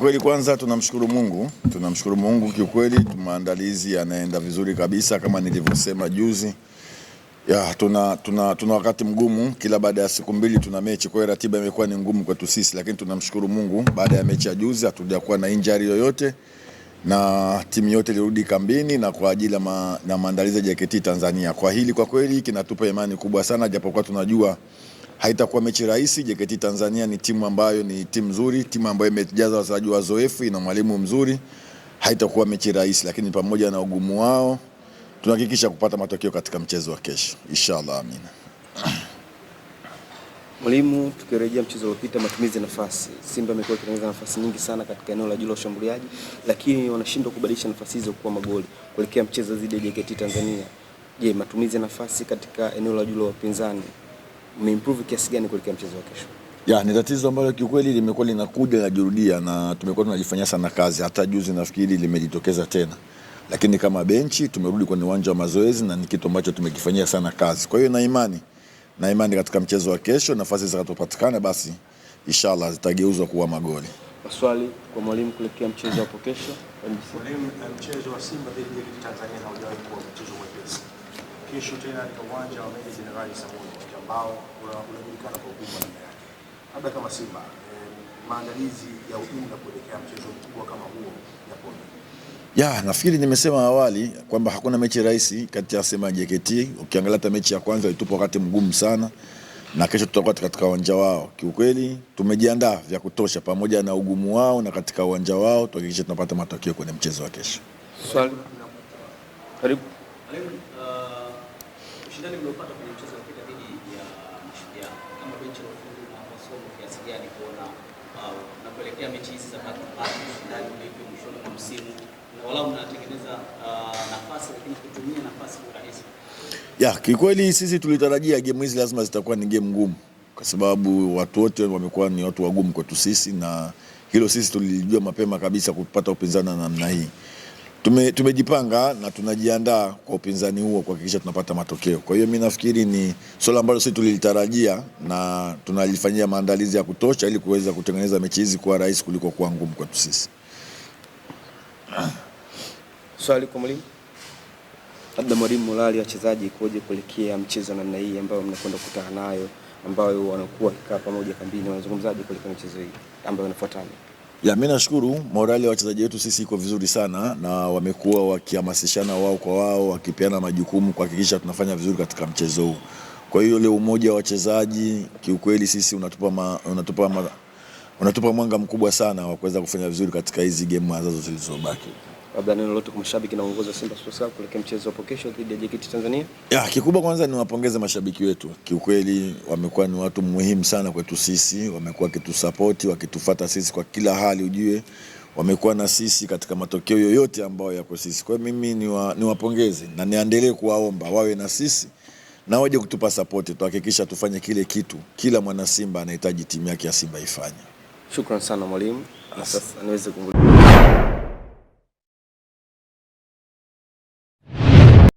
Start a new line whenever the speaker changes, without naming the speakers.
Kweli kwanza tunamshukuru Mungu, tunamshukuru Mungu kiukweli, maandalizi yanaenda vizuri kabisa kama nilivyosema juzi. Ya, tuna, tuna, tuna wakati mgumu kila baada ya siku mbili tuna mechi, kwa hiyo ratiba imekuwa ni ngumu kwetu sisi, lakini tunamshukuru Mungu, baada ya mechi ya juzi hatujakuwa na injury yoyote na timu yote ilirudi kambini na kwa ajili ma, na maandalizi ya JKT Tanzania. Kwa hili kwa kweli kinatupa imani kubwa sana, japokuwa tunajua haitakuwa mechi rahisi. JKT Tanzania ni timu ambayo ni timu nzuri, timu ambayo imejaza wachezaji wazoefu, ina mwalimu mzuri. Haitakuwa mechi rahisi, lakini pamoja na ugumu wao tunahakikisha kupata matokeo katika mchezo wa kesho inshallah, amina.
Mwalimu, tukirejea mchezo uliopita, matumizi ya nafasi, Simba imekuwa ikitengeneza nafasi nyingi sana katika eneo la juu la ushambuliaji, lakini wanashindwa kubadilisha nafasi hizo kuwa magoli kuelekea mchezo dhidi ya JKT Tanzania. Je, matumizi ya nafasi katika eneo la juu la wapinzani umeimprove kiasi gani kuelekea mchezo wa kesho?
Ya, ni tatizo ambalo kiukweli limekuwa linakuja linajirudia na tumekuwa tunajifanyia sana kazi. Hata juzi nafikiri limejitokeza tena, lakini kama benchi tumerudi kwenye uwanja wa mazoezi na ni kitu ambacho tumekifanyia sana kazi. Kwa hiyo na imani na imani katika mchezo wa kesho, nafasi zitakapopatikana basi inshallah zitageuzwa kuwa magoli.
Maswali kwa mwalimu kuelekea mchezo hapo kesho.
Mwalimu, eh, mchezo wa Simba dhidi ya Tanzania haujawahi kuwa mchezo mwepesi. Kesho tena katika uwanja wa Meja Jenerali Samuni ambao unajulikana kwa ukubwa namna yake. Labda kama Simba, eh, maandalizi ya ujumla kuelekea mchezo mkubwa kama huo yakoje?
Ya, nafikiri nimesema awali kwamba hakuna mechi rahisi kati ya Simba na JKT. Ukiangalia hata mechi ya kwanza ilitupa wakati mgumu sana, na kesho tutakuwa katika uwanja wao. Kiukweli tumejiandaa vya kutosha, pamoja na ugumu wao na katika uwanja wao, tuhakikishe tunapata matokeo kwenye mchezo wa kesho.
Swali.
Karibu. Karibu. Uh, ushindani mliopata kwenye mchezo wa kuelekea gani kuona kuelekea uh, mechi hizi za back to ndani ushindani ulivyo mwishoni mwa msimu na walau mnatengeneza uh, nafasi, lakini kutumia nafasi kwa rahisi.
Ya kikweli sisi tulitarajia game hizi lazima zitakuwa ni game ngumu, kwa sababu watu wote wamekuwa ni watu wagumu kwetu sisi, na hilo sisi tulijua mapema kabisa kupata upinzani na namna hii tume, tumejipanga na tunajiandaa kwa upinzani huo kuhakikisha tunapata matokeo. Kwa hiyo mi nafikiri ni swala ambalo sisi tulilitarajia na tunalifanyia maandalizi ya kutosha ili kuweza kutengeneza mechi hizi kuwa rahisi kuliko kuwa ngumu kwetu sisi.
Swali kwa mwalimu, labda mwalimu, morali wachezaji ikoje kuelekea mchezo namna hii ambayo mnakwenda kukutana nayo ambayo wanakuwa kikaa pamoja kambini, wanazungumzaje kuelekea mchezo hii ambayo inafuatana?
Ya, mimi nashukuru morali ya wachezaji wetu sisi iko vizuri sana, na wamekuwa wakihamasishana wao kwa wao, wakipeana majukumu kuhakikisha tunafanya vizuri katika mchezo huu. Kwa hiyo leo umoja wa wachezaji kiukweli sisi unatupa, ma, unatupa, ma, unatupa mwanga mkubwa sana wa kuweza kufanya vizuri katika hizi game ambazo zilizobaki
labda neno lolote kwa mashabiki naongoza Simba Sports Club kuelekea mchezo hapo kesho dhidi ya JKT Tanzania?
Ya, kikubwa kwanza niwapongeze mashabiki wetu, kiukweli wamekuwa ni watu muhimu sana kwetu sisi, wamekuwa wakitusapoti wakitufata sisi kwa kila hali, ujue wamekuwa na sisi katika matokeo yoyote ambayo yako sisi. Kwa mimi niwapongeze na niendelee kuwaomba wawe na sisi na waje kutupa sapoti, tuhakikisha tufanye kile kitu kila mwana Simba anahitaji timu yake ya Simba ifanye.
Shukran sana mwalimu, niweze kumbuka